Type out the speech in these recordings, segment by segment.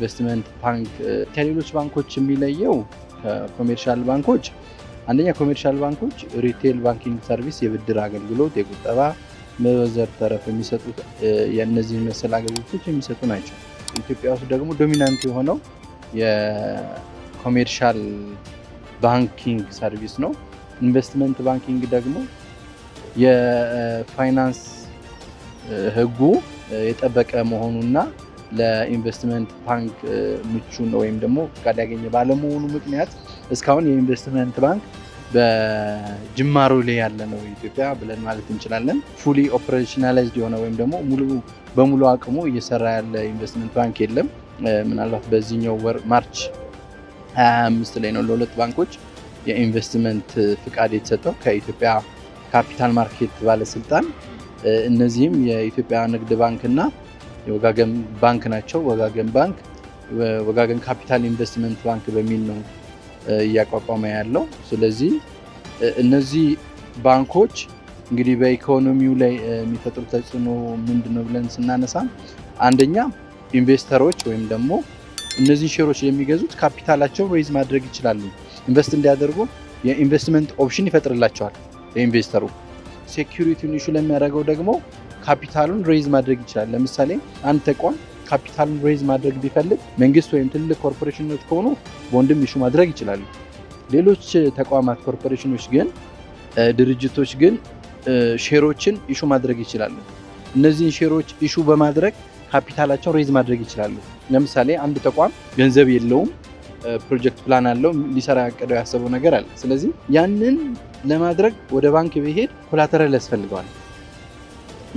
ኢንቨስትመንት ባንክ ከሌሎች ባንኮች የሚለየው ኮሜርሻል ባንኮች አንደኛ ኮሜርሻል ባንኮች ሪቴል ባንኪንግ ሰርቪስ የብድር አገልግሎት፣ የቁጠባ መበዘር ተረፍ የሚሰጡት የእነዚህ መሰል አገልግሎቶች የሚሰጡ ናቸው። ኢትዮጵያ ውስጥ ደግሞ ዶሚናንት የሆነው የኮሜርሻል ባንኪንግ ሰርቪስ ነው። ኢንቨስትመንት ባንኪንግ ደግሞ የፋይናንስ ሕጉ የጠበቀ መሆኑና ለኢንቨስትመንት ባንክ ምቹ ወይም ደግሞ ፍቃድ ያገኘ ባለመሆኑ ምክንያት እስካሁን የኢንቨስትመንት ባንክ በጅማሮ ላይ ያለ ነው ኢትዮጵያ ብለን ማለት እንችላለን። ፉሊ ኦፕሬሽናላይዝድ የሆነ ወይም ደግሞ ሙሉ በሙሉ አቅሙ እየሰራ ያለ ኢንቨስትመንት ባንክ የለም። ምናልባት በዚህኛው ወር ማርች 25 ላይ ነው ለሁለት ባንኮች የኢንቨስትመንት ፍቃድ የተሰጠው ከኢትዮጵያ ካፒታል ማርኬት ባለስልጣን። እነዚህም የኢትዮጵያ ንግድ ባንክ እና የወጋገን ባንክ ናቸው። ወጋገን ባንክ ወጋገን ካፒታል ኢንቨስትመንት ባንክ በሚል ነው እያቋቋመ ያለው። ስለዚህ እነዚህ ባንኮች እንግዲህ በኢኮኖሚው ላይ የሚፈጥሩ ተጽዕኖ ምንድን ነው ብለን ስናነሳ አንደኛ ኢንቨስተሮች ወይም ደግሞ እነዚህ ሼሮች የሚገዙት ካፒታላቸው ሬዝ ማድረግ ይችላሉ። ኢንቨስት እንዲያደርጉ የኢንቨስትመንት ኦፕሽን ይፈጥርላቸዋል። ኢንቨስተሩ ሴኪሪቲውን ኢሹ ለሚያደርገው ደግሞ ካፒታሉን ሬይዝ ማድረግ ይችላል። ለምሳሌ አንድ ተቋም ካፒታሉን ሬይዝ ማድረግ ቢፈልግ መንግስት ወይም ትልቅ ኮርፖሬሽኖች ከሆኑ ቦንድም ይሹ ማድረግ ይችላሉ። ሌሎች ተቋማት ኮርፖሬሽኖች ግን ድርጅቶች ግን ሼሮችን ኢሹ ማድረግ ይችላሉ። እነዚህን ሼሮች ኢሹ በማድረግ ካፒታላቸውን ሬዝ ማድረግ ይችላሉ። ለምሳሌ አንድ ተቋም ገንዘብ የለውም፣ ፕሮጀክት ፕላን አለው፣ ሊሰራ ያቀደው ያሰበው ነገር አለ። ስለዚህ ያንን ለማድረግ ወደ ባንክ ቢሄድ ኮላተራል ያስፈልገዋል።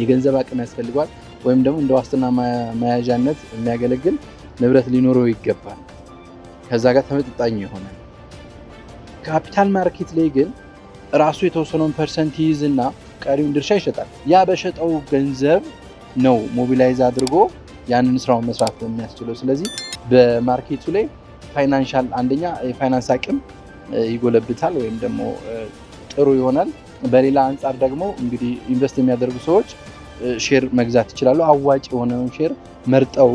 የገንዘብ አቅም ያስፈልገዋል፣ ወይም ደግሞ እንደ ዋስትና መያዣነት የሚያገለግል ንብረት ሊኖረው ይገባል። ከዛ ጋር ተመጣጣኝ የሆነ ካፒታል ማርኬት ላይ ግን ራሱ የተወሰነውን ፐርሰንት ይይዝና ቀሪውን ድርሻ ይሸጣል። ያ በሸጠው ገንዘብ ነው ሞቢላይዝ አድርጎ ያንን ስራውን መስራት የሚያስችለው። ስለዚህ በማርኬቱ ላይ ፋይናንሻል አንደኛ የፋይናንስ አቅም ይጎለብታል ወይም ደግሞ ጥሩ ይሆናል። በሌላ አንጻር ደግሞ እንግዲህ ኢንቨስት የሚያደርጉ ሰዎች ሼር መግዛት ይችላሉ። አዋጭ የሆነውን ሼር መርጠው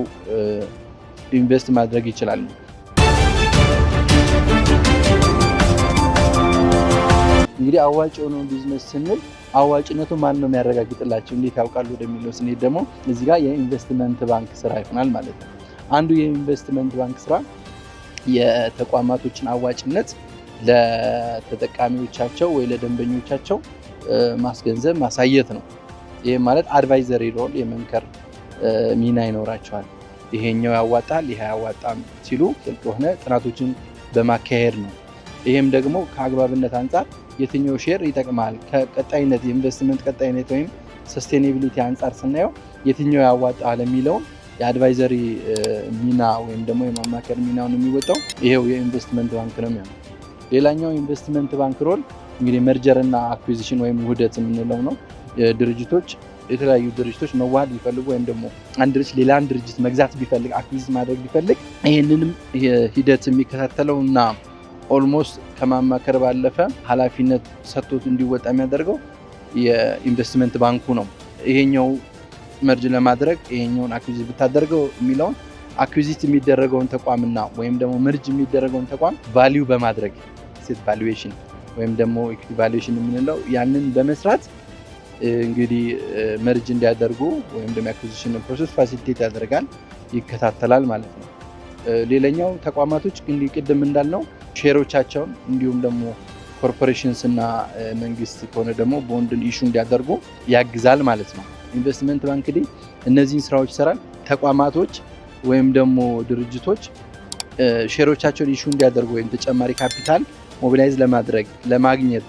ኢንቨስት ማድረግ ይችላሉ። እንግዲህ አዋጭ የሆነውን ቢዝነስ ስንል አዋጭነቱ ማን ነው የሚያረጋግጥላቸው እንዴት ያውቃሉ ወደሚለው ስንሄድ ደግሞ እዚህ ጋር የኢንቨስትመንት ባንክ ስራ ይሆናል ማለት ነው። አንዱ የኢንቨስትመንት ባንክ ስራ የተቋማቶችን አዋጭነት ለተጠቃሚዎቻቸው ወይ ለደንበኞቻቸው ማስገንዘብ ማሳየት ነው። ይህ ማለት አድቫይዘሪ ሮል የመንከር ሚና ይኖራቸዋል። ይሄኛው ያዋጣል፣ ይህ አያዋጣም ሲሉ ጥልቅ የሆነ ጥናቶችን በማካሄድ ነው። ይህም ደግሞ ከአግባብነት አንጻር የትኛው ሼር ይጠቅማል፣ ከቀጣይነት የኢንቨስትመንት ቀጣይነት ወይም ሰስቴኔቢሊቲ አንጻር ስናየው የትኛው ያዋጣል የሚለውን የአድቫይዘሪ ሚና ወይም ደግሞ የማማከር ሚናውን የሚወጣው ይሄው የኢንቨስትመንት ባንክ ነው የሚሆነው። ሌላኛው ኢንቨስትመንት ባንክ ሮል እንግዲህ መርጀር እና አኩዚሽን ወይም ውህደት የምንለው ነው። ድርጅቶች የተለያዩ ድርጅቶች መዋሃድ ቢፈልጉ ወይም ደግሞ አንድ ድርጅት ሌላን ድርጅት መግዛት ቢፈልግ አኩዚት ማድረግ ቢፈልግ ይህንንም ሂደት የሚከታተለው እና ኦልሞስት ከማማከር ባለፈ ኃላፊነት ሰጥቶት እንዲወጣ የሚያደርገው የኢንቨስትመንት ባንኩ ነው። ይሄኛው መርጅ ለማድረግ ይሄኛውን አኩዚት ብታደርገው የሚለውን አኩዚት የሚደረገውን ተቋምና ወይም ደግሞ መርጅ የሚደረገውን ተቋም ቫሊዩ በማድረግ አሴት ቫሉዌሽን ወይም ደግሞ ኢኩቲ ቫሉዌሽን የምንለው ያንን በመስራት እንግዲህ መርጅ እንዲያደርጉ ወይም ደግሞ አኩዚሽን ፕሮሰስ ፋሲሊቴት ያደርጋል፣ ይከታተላል ማለት ነው። ሌላኛው ተቋማቶች እንግዲህ ቅድም እንዳልነው ሼሮቻቸውን እንዲሁም ደግሞ ኮርፖሬሽንስ እና መንግስት ከሆነ ደግሞ ቦንድን ኢሹ እንዲያደርጉ ያግዛል ማለት ነው። ኢንቨስትመንት ባንክ ዲ እነዚህን ስራዎች ይሰራል። ተቋማቶች ወይም ደግሞ ድርጅቶች ሼሮቻቸውን ኢሹ እንዲያደርጉ ወይም ተጨማሪ ካፒታል ሞቢላይዝ ለማድረግ ለማግኘት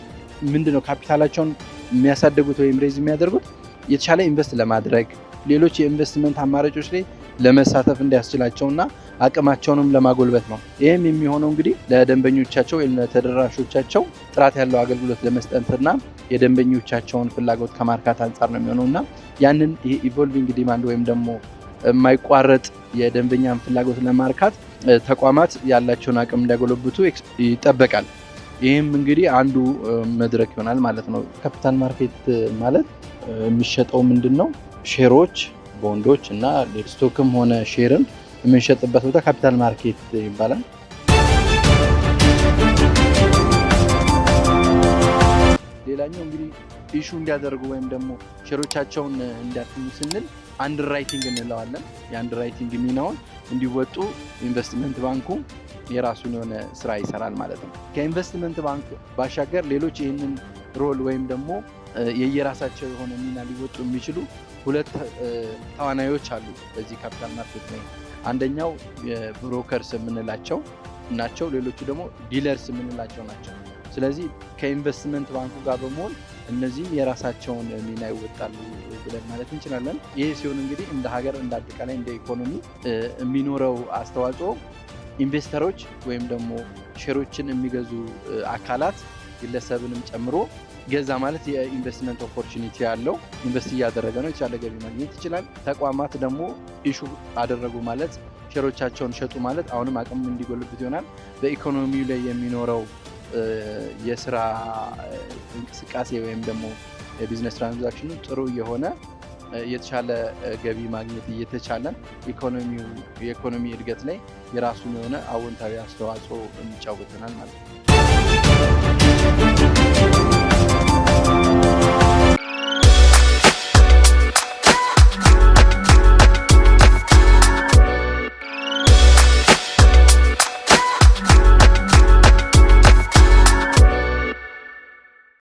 ምንድን ነው ካፒታላቸውን የሚያሳደጉት ወይም ሬዝ የሚያደርጉት የተሻለ ኢንቨስት ለማድረግ ሌሎች የኢንቨስትመንት አማራጮች ላይ ለመሳተፍ እንዲያስችላቸውና አቅማቸውንም ለማጎልበት ነው። ይህም የሚሆነው እንግዲህ ለደንበኞቻቸው ወይም ለተደራሾቻቸው ጥራት ያለው አገልግሎት ለመስጠትና የደንበኞቻቸውን ፍላጎት ከማርካት አንጻር ነው የሚሆነው እና ያንን ኢቮልቪንግ ዲማንድ ወይም ደግሞ የማይቋረጥ የደንበኛን ፍላጎት ለማርካት ተቋማት ያላቸውን አቅም እንዲያጎለብቱ ይጠበቃል። ይህም እንግዲህ አንዱ መድረክ ይሆናል ማለት ነው። ካፒታል ማርኬት ማለት የሚሸጠው ምንድን ነው? ሼሮች፣ ቦንዶች እና ስቶክም ሆነ ሼርን የምንሸጥበት ቦታ ካፒታል ማርኬት ይባላል። ሌላኛው እንግዲህ ኢሹ እንዲያደርጉ ወይም ደግሞ ሼሮቻቸውን እንዲያትኙ ስንል አንድ ራይቲንግ እንለዋለን። የአንድ ራይቲንግ ሚናውን እንዲወጡ ኢንቨስትመንት ባንኩ የራሱን የሆነ ስራ ይሰራል ማለት ነው። ከኢንቨስትመንት ባንክ ባሻገር ሌሎች ይህንን ሮል ወይም ደግሞ የየራሳቸው የሆነ ሚና ሊወጡ የሚችሉ ሁለት ተዋናዮች አሉ በዚህ ካፒታል ማርኬት ላይ። አንደኛው ብሮከርስ የምንላቸው ናቸው። ሌሎቹ ደግሞ ዲለርስ የምንላቸው ናቸው። ስለዚህ ከኢንቨስትመንት ባንኩ ጋር በመሆን እነዚህም የራሳቸውን ሚና ይወጣሉ ብለን ማለት እንችላለን። ይህ ሲሆን እንግዲህ እንደ ሀገር እንደ አጠቃላይ እንደ ኢኮኖሚ የሚኖረው አስተዋጽኦ ኢንቨስተሮች ወይም ደግሞ ሼሮችን የሚገዙ አካላት ግለሰብንም ጨምሮ ገዛ ማለት የኢንቨስትመንት ኦፖርቹኒቲ ያለው ኢንቨስት እያደረገ ነው፣ የተሻለ ገቢ ማግኘት ይችላል። ተቋማት ደግሞ ኢሹ አደረጉ ማለት ሼሮቻቸውን ሸጡ ማለት አሁንም አቅም እንዲጎልብት ይሆናል። በኢኮኖሚው ላይ የሚኖረው የስራ እንቅስቃሴ ወይም ደግሞ የቢዝነስ ትራንዛክሽኑ ጥሩ የሆነ የተሻለ ገቢ ማግኘት እየተቻለን የኢኮኖሚ እድገት ላይ የራሱን የሆነ አዎንታዊ አስተዋጽኦ እንጫወተናል ማለት ነው።